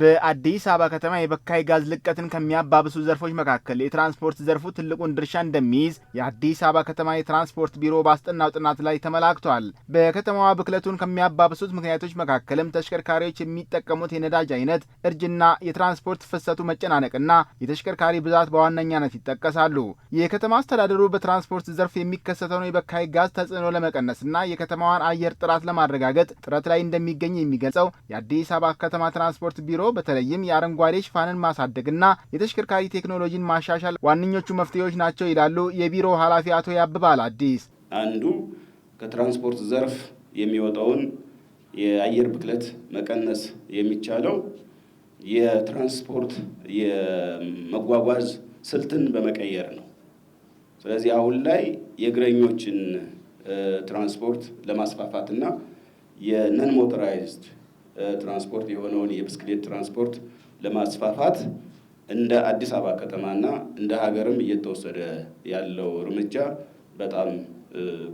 በአዲስ አበባ ከተማ የበካይ ጋዝ ልቀትን ከሚያባብሱ ዘርፎች መካከል የትራንስፖርት ዘርፉ ትልቁን ድርሻ እንደሚይዝ የአዲስ አበባ ከተማ የትራንስፖርት ቢሮ ባስጠናው ጥናት ላይ ተመላክቷል። በከተማዋ ብክለቱን ከሚያባብሱት ምክንያቶች መካከልም ተሽከርካሪዎች የሚጠቀሙት የነዳጅ አይነት፣ እርጅና፣ የትራንስፖርት ፍሰቱ መጨናነቅና የተሽከርካሪ ብዛት በዋነኛነት ይጠቀሳሉ። የከተማ አስተዳደሩ በትራንስፖርት ዘርፍ የሚከሰተውን የበካይ ጋዝ ተጽዕኖ ለመቀነስና የከተማዋን አየር ጥራት ለማረጋገጥ ጥረት ላይ እንደሚገኝ የሚገልጸው የአዲስ አበባ ከተማ ትራንስፖርት ቢሮ ቢሮ በተለይም የአረንጓዴ ሽፋንን ማሳደግና የተሽከርካሪ ቴክኖሎጂን ማሻሻል ዋነኞቹ መፍትሄዎች ናቸው ይላሉ የቢሮ ኃላፊ አቶ ያብባል አዲስ። አንዱ ከትራንስፖርት ዘርፍ የሚወጣውን የአየር ብክለት መቀነስ የሚቻለው የትራንስፖርት የመጓጓዝ ስልትን በመቀየር ነው። ስለዚህ አሁን ላይ የእግረኞችን ትራንስፖርት ለማስፋፋት እና የነን ሞተራይዝድ ትራንስፖርት የሆነውን የብስክሌት ትራንስፖርት ለማስፋፋት እንደ አዲስ አበባ ከተማና እንደ ሀገርም እየተወሰደ ያለው እርምጃ በጣም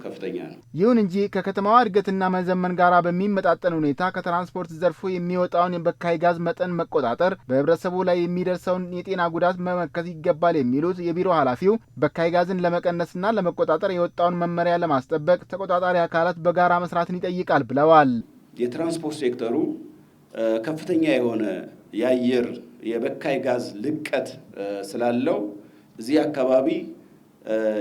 ከፍተኛ ነው። ይሁን እንጂ ከከተማዋ እድገትና መዘመን ጋር በሚመጣጠን ሁኔታ ከትራንስፖርት ዘርፉ የሚወጣውን የበካይ ጋዝ መጠን መቆጣጠር፣ በህብረተሰቡ ላይ የሚደርሰውን የጤና ጉዳት መመከት ይገባል የሚሉት የቢሮ ኃላፊው በካይ ጋዝን ለመቀነስና ለመቆጣጠር የወጣውን መመሪያ ለማስጠበቅ ተቆጣጣሪ አካላት በጋራ መስራትን ይጠይቃል ብለዋል። የትራንስፖርት ሴክተሩ ከፍተኛ የሆነ የአየር የበካይ ጋዝ ልቀት ስላለው እዚህ አካባቢ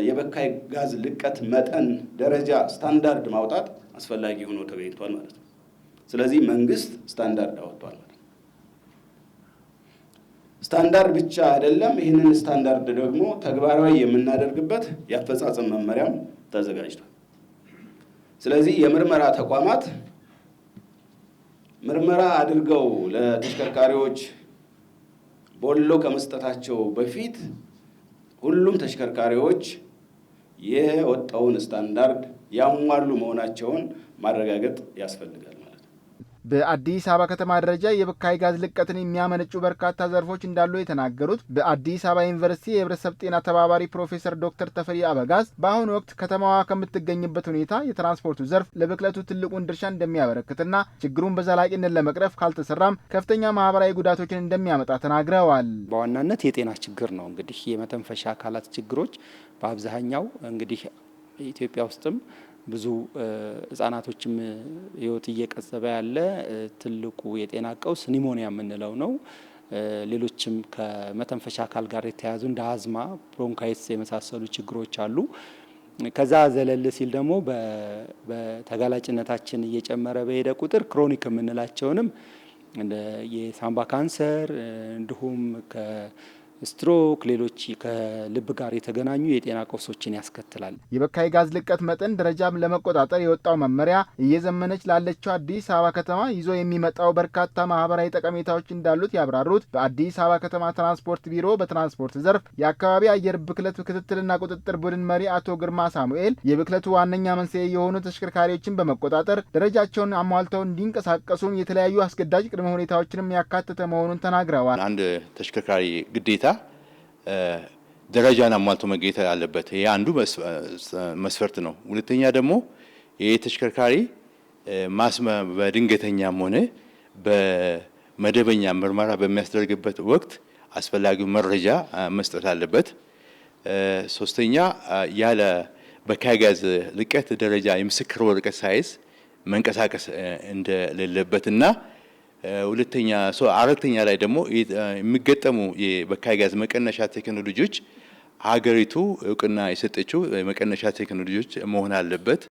የበካይ ጋዝ ልቀት መጠን ደረጃ ስታንዳርድ ማውጣት አስፈላጊ ሆኖ ተገኝቷል ማለት ነው። ስለዚህ መንግስት ስታንዳርድ አወጥቷል ማለት ነው። ስታንዳርድ ብቻ አይደለም፣ ይህንን ስታንዳርድ ደግሞ ተግባራዊ የምናደርግበት የአፈጻጸም መመሪያም ተዘጋጅቷል። ስለዚህ የምርመራ ተቋማት ምርመራ አድርገው ለተሽከርካሪዎች ቦሎ ከመስጠታቸው በፊት ሁሉም ተሽከርካሪዎች የወጣውን ስታንዳርድ ያሟሉ መሆናቸውን ማረጋገጥ ያስፈልጋል። በአዲስ አበባ ከተማ ደረጃ የብካይ ጋዝ ልቀትን የሚያመነጩ በርካታ ዘርፎች እንዳሉ የተናገሩት በአዲስ አበባ ዩኒቨርሲቲ የህብረተሰብ ጤና ተባባሪ ፕሮፌሰር ዶክተር ተፈሪ አበጋዝ በአሁኑ ወቅት ከተማዋ ከምትገኝበት ሁኔታ የትራንስፖርቱ ዘርፍ ለብክለቱ ትልቁን ድርሻ እንደሚያበረክትና ችግሩን በዘላቂነት ለመቅረፍ ካልተሰራም ከፍተኛ ማህበራዊ ጉዳቶችን እንደሚያመጣ ተናግረዋል። በዋናነት የጤና ችግር ነው እንግዲህ የመተንፈሻ አካላት ችግሮች በአብዛኛው እንግዲህ ኢትዮጵያ ውስጥም ብዙ ህጻናቶችም ህይወት እየቀጸበ ያለ ትልቁ የጤና ቀውስ ኒሞኒያ የምንለው ነው። ሌሎችም ከመተንፈሻ አካል ጋር የተያያዙ እንደ አዝማ፣ ብሮንካይትስ የመሳሰሉ ችግሮች አሉ። ከዛ ዘለል ሲል ደግሞ በተጋላጭነታችን እየጨመረ በሄደ ቁጥር ክሮኒክ የምንላቸውንም የሳምባ ካንሰር እንዲሁም ስትሮክ፣ ሌሎች ከልብ ጋር የተገናኙ የጤና ቀውሶችን ያስከትላል። የበካይ ጋዝ ልቀት መጠን ደረጃም ለመቆጣጠር የወጣው መመሪያ እየዘመነች ላለችው አዲስ አበባ ከተማ ይዞ የሚመጣው በርካታ ማህበራዊ ጠቀሜታዎች እንዳሉት ያብራሩት በአዲስ አበባ ከተማ ትራንስፖርት ቢሮ በትራንስፖርት ዘርፍ የአካባቢ አየር ብክለት ክትትልና ቁጥጥር ቡድን መሪ አቶ ግርማ ሳሙኤል የብክለቱ ዋነኛ መንስኤ የሆኑ ተሽከርካሪዎችን በመቆጣጠር ደረጃቸውን አሟልተው እንዲንቀሳቀሱም የተለያዩ አስገዳጅ ቅድመ ሁኔታዎችንም ያካተተ መሆኑን ተናግረዋል። አንድ ተሽከርካሪ ግዴታ ደረጃን አሟልቶ መገኘት አለበት። ይህ አንዱ መስፈርት ነው። ሁለተኛ ደግሞ ይህ ተሽከርካሪ በድንገተኛም ሆነ በመደበኛ ምርመራ በሚያስደርግበት ወቅት አስፈላጊው መረጃ መስጠት አለበት። ሶስተኛ ያለ በካይ ጋዝ ልቀት ደረጃ የምስክር ወረቀት ሳይዝ መንቀሳቀስ እንደሌለበትና ሁለተኛ አራተኛ ላይ ደግሞ የሚገጠሙ የበካይ ጋዝ መቀነሻ ቴክኖሎጂዎች ሀገሪቱ እውቅና የሰጠችው መቀነሻ ቴክኖሎጂዎች መሆን አለበት።